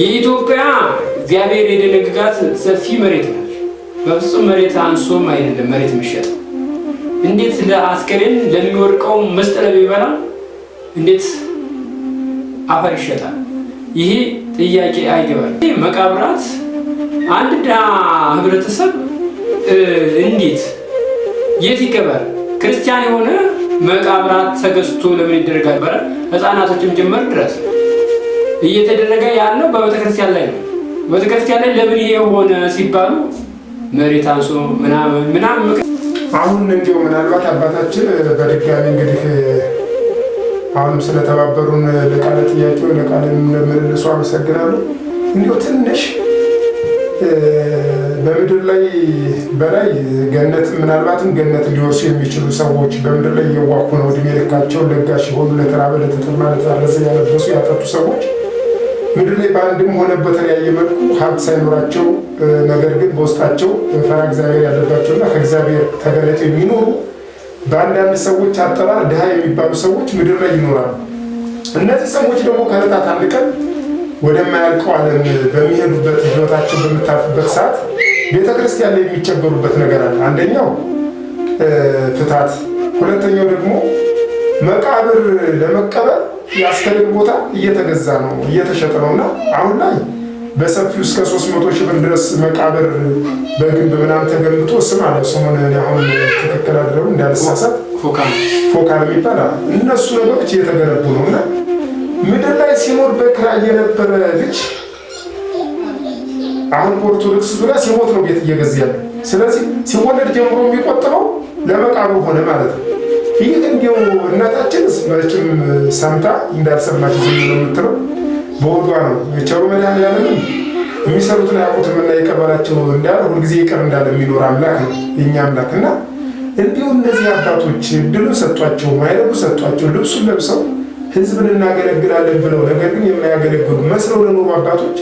የኢትዮጵያ እግዚአብሔር የደነግጋት ሰፊ መሬት ነው። በፍጹም መሬት አንሶም አይደለም መሬት የሚሸጥ እንዴት ለአስከሬን ለሚወድቀው መስጠለብ ይበላል? እንዴት አፈር ይሸጣል? ይሄ ጥያቄ አይገባል። መቃብራት አንድ ድሃ ህብረተሰብ እንዴት የት ይገባል? ክርስቲያን የሆነ መቃብራት ተገዝቶ ለምን ይደረጋ በረ ህፃናቶችም ጭምር ድረስ እየተደረገ ያለው በቤተክርስቲያን ላይ ነው። ቤተክርስቲያን ላይ ለምን ይሄ ሆነ ሲባሉ መሬት አንሶ ምናምን ምናምን። አሁን እንዲሁ ምናልባት አባታችን በድጋሚ እንግዲህ አሁንም ስለተባበሩን ለቃለ ጥያቄው ለቃለ ምልልሱ አመሰግናለሁ። እንዲሁ ትንሽ በምድር ላይ በላይ ገነት ምናልባትም ገነት ሊወርሱ የሚችሉ ሰዎች በምድር ላይ እየዋኩ ነው። እድሜ ልካቸውን ለጋሽ የሆኑ ለተራበ ለተጠማ ለተታረዘ ያለበሱ ያጠጡ ሰዎች ምድር ላይ በአንድም ሆነ በተለያየ መልኩ ሀብት ሳይኖራቸው ነገር ግን በውስጣቸው ፈራ እግዚአብሔር ያለባቸውና ከእግዚአብሔር ተገለጠ የሚኖሩ በአንዳንድ ሰዎች አጠራር ድሃ የሚባሉ ሰዎች ምድር ላይ ይኖራሉ። እነዚህ ሰዎች ደግሞ ከዕለታት አንድ ቀን ወደማያልቀው ዓለም በሚሄዱበት ህይወታቸው በምታልፍበት ሰዓት ቤተክርስቲያን ላይ የሚቸገሩበት ነገር አለ። አንደኛው ፍታት፣ ሁለተኛው ደግሞ መቃብር ለመቀበል የአስከሬን ቦታ እየተገዛ ነው እየተሸጠ ነው እና አሁን ላይ በሰፊው እስከ 300 ሺህ ብር ድረስ መቃብር በግንብ ምናምን ተገምቶ ስም አለ። ሰሞኑን አሁን ትክክል አይደለም እንዳልሳሳት ፎካል የሚባል እነሱ ነገሮች እየተገነቡ ነው እና ምድር ላይ ሲኖር በክራይ የነበረ ልጅ አሁን ኦርቶዶክስ ዙሪያ ሲሞት ነው ቤት እየገዝ ያለ። ስለዚህ ሲወለድ ጀምሮ የሚቆጥረው ለመቃብር ሆነ ማለት ነው። ይህ እንዲሁ እናታችን መቼም ሰምታ እንዳልሰማች ዝም ነው የምትለው፣ በወዷ ነው። ቸሩ መድኃኒዓለም የሚሰሩትን አያውቁትም እና የቀበላቸው እንዳለ ሁልጊዜ ይቅር እንዳለ የሚኖር አምላክ ነው የእኛ አምላክ እና እንዲሁ እነዚህ አባቶች እድሉ ሰጧቸው፣ ማይረጉ ሰጧቸው፣ ልብሱን ለብሰው ህዝብን እናገለግላለን ብለው ነገር ግን የማያገለግሉ መስለው ለኖሩ አባቶች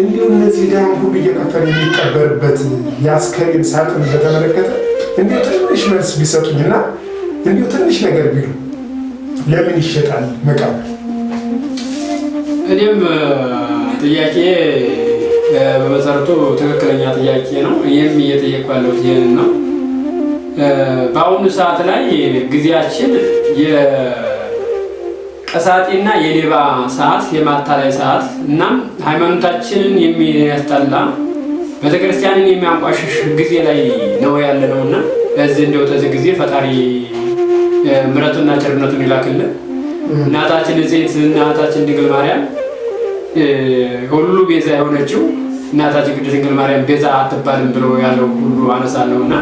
እንዲሁ እነዚህ ዳም ሁሉ እየከፈለ የሚቀበርበት የአስከሬን ሳጥን በተመለከተ እንዲሁ ትንሽ መልስ ቢሰጡኝና እንዲሁ ትንሽ ነገር ቢሉ ለምን ይሸጣል መቃብር? እኔም ጥያቄ በመሰረቱ ትክክለኛ ጥያቄ ነው። ይህም እየጠየቁ ያለው ይህንን ነው። በአሁኑ ሰዓት ላይ ጊዜያችን ቀሳጢና የሌባ ሰዓት የማታላይ ሰዓት እና ሃይማኖታችንን የሚያስጠላ ቤተክርስቲያንን የሚያንቋሽሽ ጊዜ ላይ ነው ያለ ነው እና በዚህ እንደው ተዚህ ጊዜ ፈጣሪ ምረቱና ቸርነቱን ይላክልን። እናታችን እጽት እናታችን ድንግል ማርያም ሁሉ ቤዛ የሆነችው እናታችን ቅድስት ድንግል ማርያም ቤዛ አትባልም ብሎ ያለው ሁሉ አነሳለሁ እና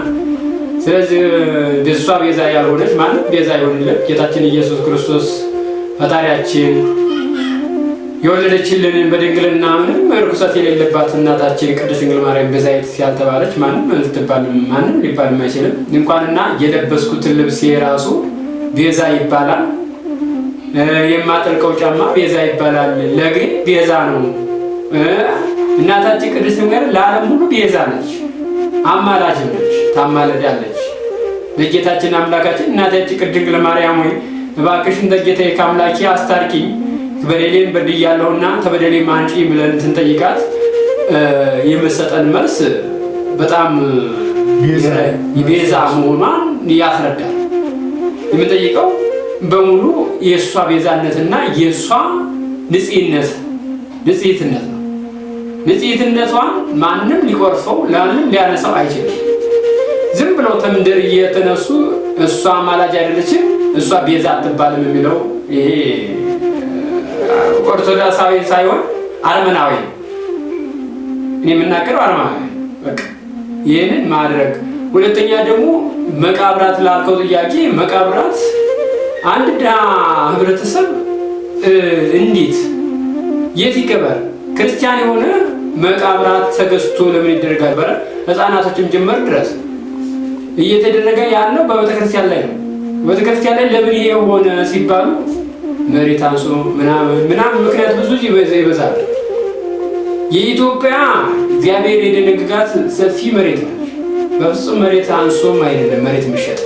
ስለዚህ እሷ ቤዛ ያልሆነች ማለት ቤዛ ይሆንልን ጌታችን ኢየሱስ ክርስቶስ ፈጣሪያችን የወለደችልን በድንግልና ምንም ርኩሰት የሌለባት እናታችን ቅድስት ድንግል ማርያም በዛይት ያልተባለች ማንም ልትባል ማንም ሊባል አይችልም። እንኳንና የለበስኩትን ልብስ የራሱ ቤዛ ይባላል። የማጠልቀው ጫማ ቤዛ ይባላል። ለእግሬ ቤዛ ነው። እናታችን ቅድስት ድንግል ለዓለም ሁሉ ቤዛ ነች፣ አማላጅ ነች፣ ታማልዳለች። ለጌታችን አምላካችን እናታችን ቅድስት ድንግል ማርያም ወይ እባክሽን ተጌታዬ ከአምላኬ አስታርቂኝ በደሌን በድያለሁና ተበደሌም አንጪ ብለን ትንጠይቃት የመሰጠን መልስ በጣም ቤዛ መሆኗን ያስረዳል። የምንጠይቀው በሙሉ የእሷ ቤዛነትና የእሷ ንጽህነት ንጽህትነት ነው። ንጽህትነቷን ማንም ሊቆርሰው ለማንም ሊያነሳው አይችልም። ዝም ብለው ተምድር እየተነሱ እሷ ማላጅ አይደለችም እሷ ቤዛ አትባልም የሚለው ይሄ ኦርቶዶክሳዊ ሳይሆን አርመናዊ እኔ የምናገረው አርመናዊ በቃ ይህንን ማድረግ ሁለተኛ ደግሞ መቃብራት ላልከው ጥያቄ መቃብራት አንድ ድሃ ህብረተሰብ እንዴት የት ይቀበር? ክርስቲያን የሆነ መቃብራት ተገዝቶ ለምን ይደረጋል? በረ ህፃናቶችም ጀመር ድረስ እየተደረገ ያለው በቤተክርስቲያን ላይ ነው። ቤተክርስቲያን ላይ ለምን ይሄ የሆነ ሲባሉ መሬት አንሶ ምናምን ምናምን ምክንያት ብዙ ይበዛል። የኢትዮጵያ እግዚአብሔር የደነግጋት ሰፊ መሬት ነው። በፍጹም መሬት አንሶም አይደለም መሬት ምሸጥ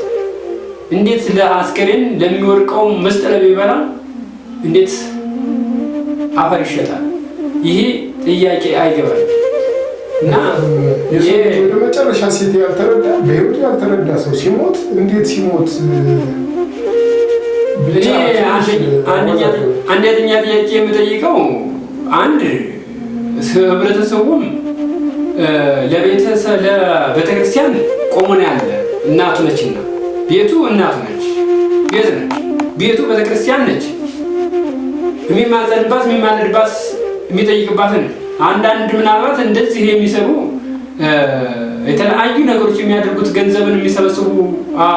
እንዴት ለአስከሬን ለሚወርቀው መስጠለብ ይበላ እንዴት አፈር ይሸጣል? ይሄ ጥያቄ አይገባል። እና ወደ መጨረሻ ሴት ያልተረዳ በህይወቱ ያልተረዳ ሰው ሲሞት እንዴት ሲሞት አንደኛ ጥያቄ የምጠይቀው አንድ ህብረተሰቡም ለቤተሰብ ለቤተክርስቲያን ቆሞ ነው ያለ። እናቱ ቤቱ እናቱ ነች፣ ቤት ነች። ቤቱ ቤተክርስቲያን ነች። የሚማዘንባት የሚማለድባት የሚጠይቅባት ነች። አንዳንድ ምናልባት እንደዚህ የሚሰሩ የተለያዩ ነገሮች የሚያደርጉት ገንዘብን የሚሰበስቡ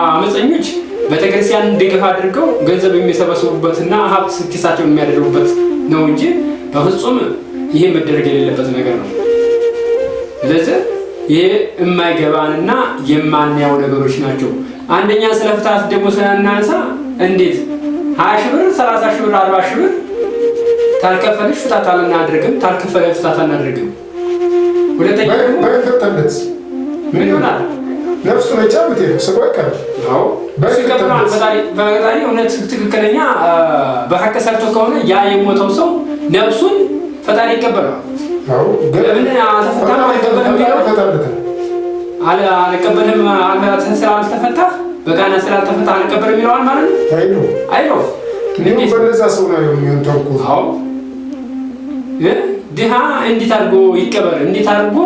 አመፀኞች ቤተክርስቲያን ድጋፍ አድርገው ገንዘብ የሚሰበስቡበትና ሀብት ኪሳቸውን የሚያደርጉበት ነው እንጂ በፍጹም ይሄ መደረግ የሌለበት ነገር ነው። ስለዚህ ይሄ የማይገባንና የማናየው ነገሮች ናቸው። አንደኛ ስለ ፍትሐት ደግሞ ስናነሳ እንዴት ሀያ ሺህ ብር፣ ሰላሳ ሺህ ብር፣ አርባ ሺህ ብር ታልከፈለሽ ፍታት አናድርግም፣ ታልከፈለ ፍታት አናድርግም። ሁለተኛ ምን ይሆናል? እውነት ትክክለኛ በሀቅ ሰርቶ ከሆነ ያ የሞተው ሰው ነፍሱን ፈጣሪ ይቀበላል። ለምን አልተፈታም? አልቀበልም ስላልተፈታ በቃና ስላልተፈታ አልቀበልም ይለዋል ማለት ነው። አይ ነው ሰው ነው የሚሆን ተንኮል ድሃ እንዴት አድርጎ ይቀበል? እንዴት አድርጎ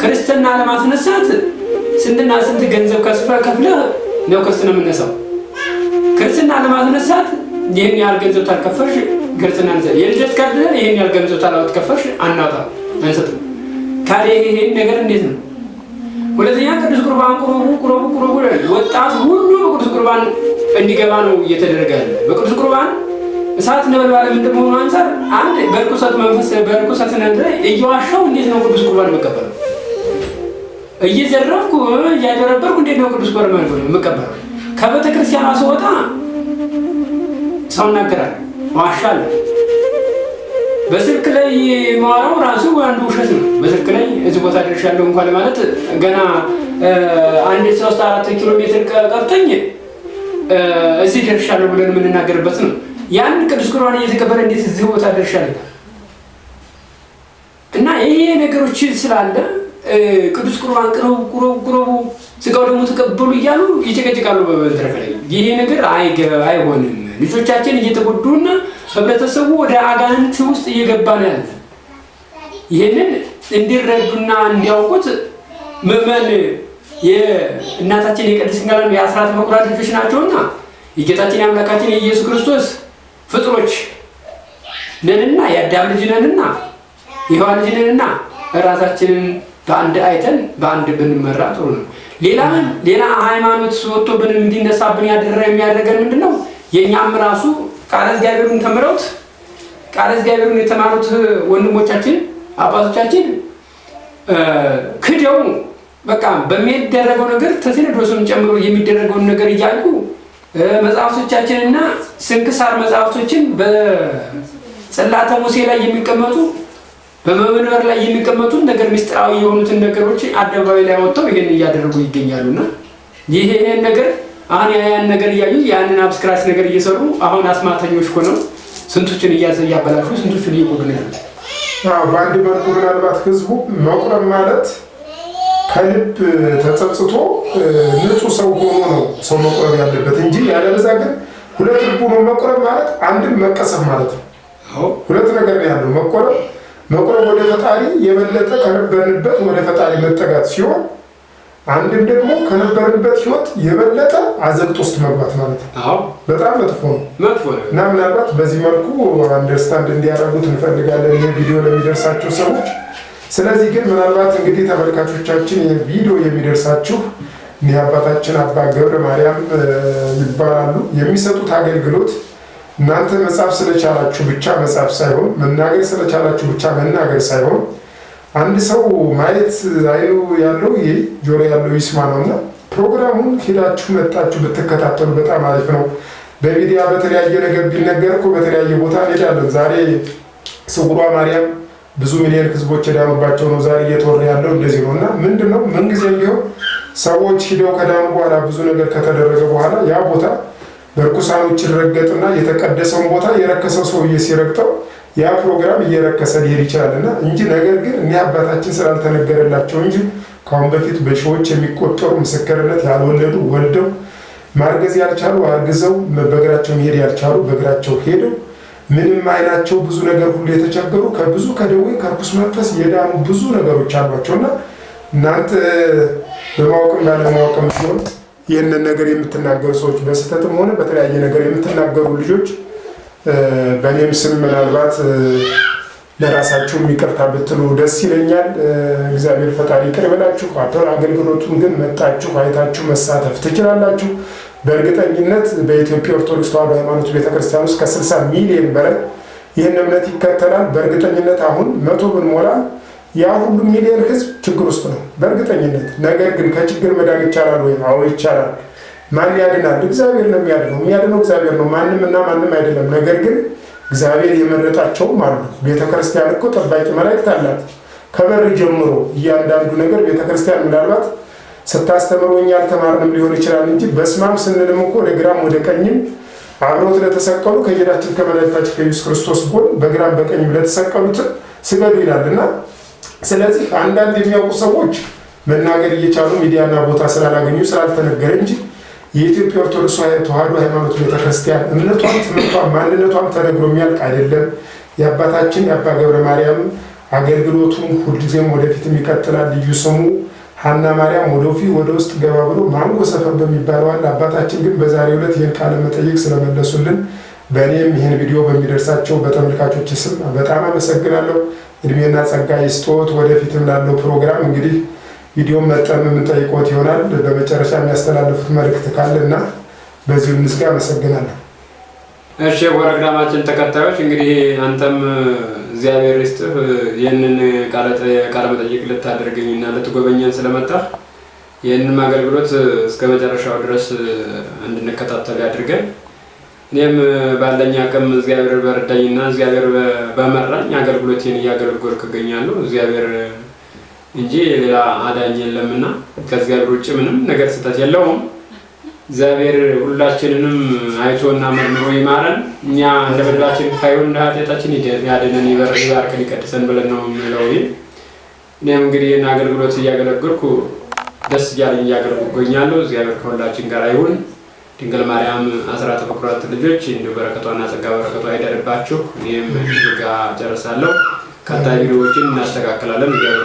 ክርስትና ለማስነሳት ስንትና ስንት ገንዘብ ከስፋ ከፍለ ነው ክርስትና የምነሳው። ክርስትና ለማስነሳት ይህን ያህል ገንዘብ ታልከፈሽ ክርስትና ነሳ። የልደት ካርድ ይህን ያህል ገንዘብ ታላትከፈርሽ አናጣ አንሰጥ። ታዲያ ይህን ነገር እንዴት ነው? ሁለተኛ ቅዱስ ቁርባን ቁርቡ ቁርቡ ቁርቡ ወጣት ሁሉ በቅዱስ ቁርባን እንዲገባ ነው እየተደረገ ያለ በቅዱስ ቁርባን እሳት ነበልባል እንደመሆኑ አንፃር አንድ በርኩሰት መንፈስ በርኩሰት ነገር እየዋሻው እንዴት ነው ቅዱስ ቁርባን መቀበለው? እየዘረፍኩ እያደረበርኩ እንዴት ነው ቅዱስ ቁርባን መቀበለው? ከቤተ ክርስቲያን ስወጣ ሰው እናገራል፣ ዋሻል። በስልክ ላይ ማዋራው ራሱ አንዱ ውሸት ነው። በስልክ ላይ እዚህ ቦታ ደርሻለሁ እንኳን ማለት ገና አንድ ሶስት አራት ኪሎ ሜትር ቀርቶኝ እዚህ ደርሻለሁ ብለን የምንናገርበት ነው። ያን ቅዱስ ቁርባን እየተቀበለ እንዴት እዚህ ቦታ ደርሻል? እና ይሄ ነገሮች ስላለ ቅዱስ ቁርባን ቅረቡ ቁረቡ ቁረቡ ስጋው ደግሞ ተቀበሉ እያሉ ይጨቀጭቃሉ። በመድረክ ላይ ይሄ ነገር አይሆንም። ልጆቻችን እየተጎዱና ህብረተሰቡ ወደ አጋንንት ውስጥ እየገባ ነው ያለ። ይህንን እንዲረዱና እንዲያውቁት ምዕመን የእናታችን የቅድስት ድንግል ማርያም የአስራት በኩራት ልጆች ናቸውና የጌታችን የአምላካችን የኢየሱስ ክርስቶስ ፍጥሮች ነንና የአዳም ልጅ ነንና የሔዋን ልጅ ነንና እራሳችንን በአንድ አይተን በአንድ ብንመራ ጥሩ ነው። ሌላም ሌላ ሃይማኖት ወጥቶ ብን እንዲነሳብን ያደረ የሚያደርገን ምንድን ነው? የእኛም ራሱ ቃለ እግዚአብሔሩን ተምረውት ቃለ እግዚአብሔሩን የተማሩት ወንድሞቻችን አባቶቻችን ክደው በቃ በሚደረገው ነገር ተሴነዶስም ጨምሮ የሚደረገውን ነገር እያልኩ መጽሐፍቶቻችንና ስንክሳር መጽሐፍቶችን በጽላተ ሙሴ ላይ የሚቀመጡ በመንበር ላይ የሚቀመጡ ነገር ምስጢራዊ የሆኑትን ነገሮች አደባባይ ላይ ወጥተው ይህን እያደረጉ ይገኛሉና ይሄ ነገር አሁን ያን ነገር እያዩ ያንን አብስክራስ ነገር እየሰሩ አሁን አስማተኞች ሆነው ስንቶችን እያበላሹ ስንቶችን እየጎዱ ያሉ በአንድ መልኩ ምናልባት ህዝቡ መቁረብ ማለት ከልብ ተጸጽቶ ንጹህ ሰው ሆኖ ነው ሰው መቁረብ ያለበት እንጂ ያለበዛ ግን ሁለት ልብ ሆኖ መቁረብ ማለት አንድም መቀሰፍ ማለት ነው። ሁለት ነገር ነው ያለው መቆረብ። መቁረብ ወደ ፈጣሪ የበለጠ ከነበርንበት ወደ ፈጣሪ መጠጋት ሲሆን፣ አንድም ደግሞ ከነበርንበት ህይወት የበለጠ አዘቅት ውስጥ መግባት ማለት ነው። በጣም መጥፎ ነው እና ምናልባት በዚህ መልኩ አንደርስታንድ እንዲያደርጉት እንፈልጋለን። ይህ ቪዲዮ ለሚደርሳቸው ሰዎች ስለዚህ ግን ምናልባት እንግዲህ ተመልካቾቻችን ቪዲዮ የሚደርሳችሁ እኒህ አባታችን አባ ገብረ ማርያም ይባላሉ። የሚሰጡት አገልግሎት እናንተ መጻፍ ስለቻላችሁ ብቻ መጻፍ ሳይሆን መናገር ስለቻላችሁ ብቻ መናገር ሳይሆን አንድ ሰው ማየት አይኑ ያለው ይህ ጆሮ ያለው ይስማ ነው እና ፕሮግራሙን ሄዳችሁ መጣችሁ ብትከታተሉ በጣም አሪፍ ነው። በሚዲያ በተለያየ ነገር ቢነገር እኮ በተለያየ ቦታ እንሄዳለን። ዛሬ ስውሯ ማርያም ብዙ ሚሊዮን ህዝቦች የዳኑባቸው ነው ዛሬ እየተወራ ያለው እንደዚህ ነው። እና ምንድን ነው ምንጊዜም ቢሆን ሰዎች ሂደው ከዳኑ በኋላ ብዙ ነገር ከተደረገ በኋላ ያ ቦታ በርኩሳኖች ይረገጥና የተቀደሰውን ቦታ የረከሰው ሰውዬ ሲረግጠው ያ ፕሮግራም እየረከሰ ሊሄድ ይችላል እና እንጂ ነገር ግን እኒህ አባታችን ስላልተነገረላቸው እንጂ ከአሁን በፊት በሺዎች የሚቆጠሩ ምስክርነት ያልወለዱ ወልደው ማርገዝ ያልቻሉ አርግዘው በእግራቸው መሄድ ያልቻሉ በእግራቸው ሄደው ምንም አይናቸው ብዙ ነገር ሁሉ የተቸገሩ ከብዙ ከደዌ ከርኩስ መንፈስ የዳኑ ብዙ ነገሮች አሏቸውና እናንተ በማወቅም ባለማወቅም ሲሆን ይህንን ነገር የምትናገሩ ሰዎች በስህተትም ሆነ በተለያየ ነገር የምትናገሩ ልጆች በእኔም ስም ምናልባት ለራሳችሁ ይቅርታ ብትሉ ደስ ይለኛል። እግዚአብሔር ፈጣሪ ይቅር ይበላችሁ። አገልግሎቱን ግን መጣችሁ አይታችሁ መሳተፍ ትችላላችሁ። በእርግጠኝነት በኢትዮጵያ ኦርቶዶክስ ተዋሕዶ ሃይማኖት ቤተክርስቲያን ውስጥ ከ60 ሚሊዮን በላይ ይህን እምነት ይከተላል። በእርግጠኝነት አሁን መቶ ብንሞላ ያ ሁሉ ሚሊዮን ህዝብ ችግር ውስጥ ነው በእርግጠኝነት። ነገር ግን ከችግር መዳን ይቻላል ወይ? አዎ ይቻላል። ማን ያድናል? እግዚአብሔር ነው የሚያድነው። የሚያድነው እግዚአብሔር ነው፣ ማንም እና ማንም አይደለም። ነገር ግን እግዚአብሔር የመረጣቸውም አሉ። ቤተክርስቲያን እኮ ጠባቂ መላእክት አላት ከበር ጀምሮ እያንዳንዱ ነገር ቤተክርስቲያን ምናልባት ስታስተምሩ እኛ አልተማርንም ሊሆን ይችላል እንጂ በስማም ስንልም እኮ ወደ ግራም ወደ ቀኝም አብሮት ለተሰቀሉ ከጌታችን ከመድኃኒታችን ከኢየሱስ ክርስቶስ ጎን በግራም በቀኝም ለተሰቀሉት ስገዱ ይላል እና ስለዚህ አንዳንድ የሚያውቁ ሰዎች መናገር እየቻሉ ሚዲያና ቦታ ስላላገኙ ስላልተነገረ እንጂ የኢትዮጵያ ኦርቶዶክስ ተዋህዶ ሃይማኖት ቤተክርስቲያን እምነቷም ትምህርቷን፣ ማንነቷም ተነግሮ የሚያልቅ አይደለም። የአባታችን የአባ ገብረ ማርያም አገልግሎቱም ሁልጊዜም ወደፊትም ይቀጥላል። ልዩ ስሙ አና ማርያም ወደፊት ወደ ውስጥ ገባ ብሎ ማንጎ ሰፈር በሚባለው አንድ አባታችን ግን በዛሬው ዕለት ይህን ቃለ መጠይቅ ስለመለሱልን በእኔም ይህን ቪዲዮ በሚደርሳቸው በተመልካቾች ስም በጣም አመሰግናለሁ። እድሜና ጸጋ ይስጦት። ወደፊትም ላለው ፕሮግራም እንግዲህ ቪዲዮ መጠን የምንጠይቆት ይሆናል። በመጨረሻ የሚያስተላልፉት መልእክት ካለ እና በዚሁ እንዝጋ። አመሰግናለሁ። እሺ ፕሮግራማችን ተከታዮች እንግዲህ አንተም እግዚአብሔር ይስጥህ። ይህንን ቃለ መጠይቅ እና ልትጎበኘን ስለመጣህ ይህንም አገልግሎት እስከ መጨረሻው ድረስ እንድንከታተል ያድርገን። እኔም ባለኝ አቅም እግዚአብሔር በረዳኝና እግዚአብሔር በመራኝ አገልግሎቴን እያገለገልኩ እገኛለሁ። እግዚአብሔር እንጂ ሌላ አዳኝ የለምና ከእግዚአብሔር ውጭ ምንም ነገር ስህተት የለውም። እግዚአብሔር ሁላችንንም አይቶና መርምሮ ይማረን። እኛ እንደ በደላችን ካይሆን እንደ ኃጢአታችን ያድነን፣ ይባርከን፣ ይቀድሰን ብለን ነው የምንለው። እኔም እንግዲህ ይህን አገልግሎት እያገለግልኩ ደስ እያለኝ እያገለግልኩ እገኛለሁ። እግዚአብሔር ከሁላችን ጋር ይሁን። ድንግል ማርያም አስራት በኩራት ልጆች እንዲሁ በረከቷና ጸጋ በረከቷ አይደርባችሁ። እኔም ጋር ጨርሳለሁ። ቀጣይ ቪዲዮዎችን እናስተካክላለን።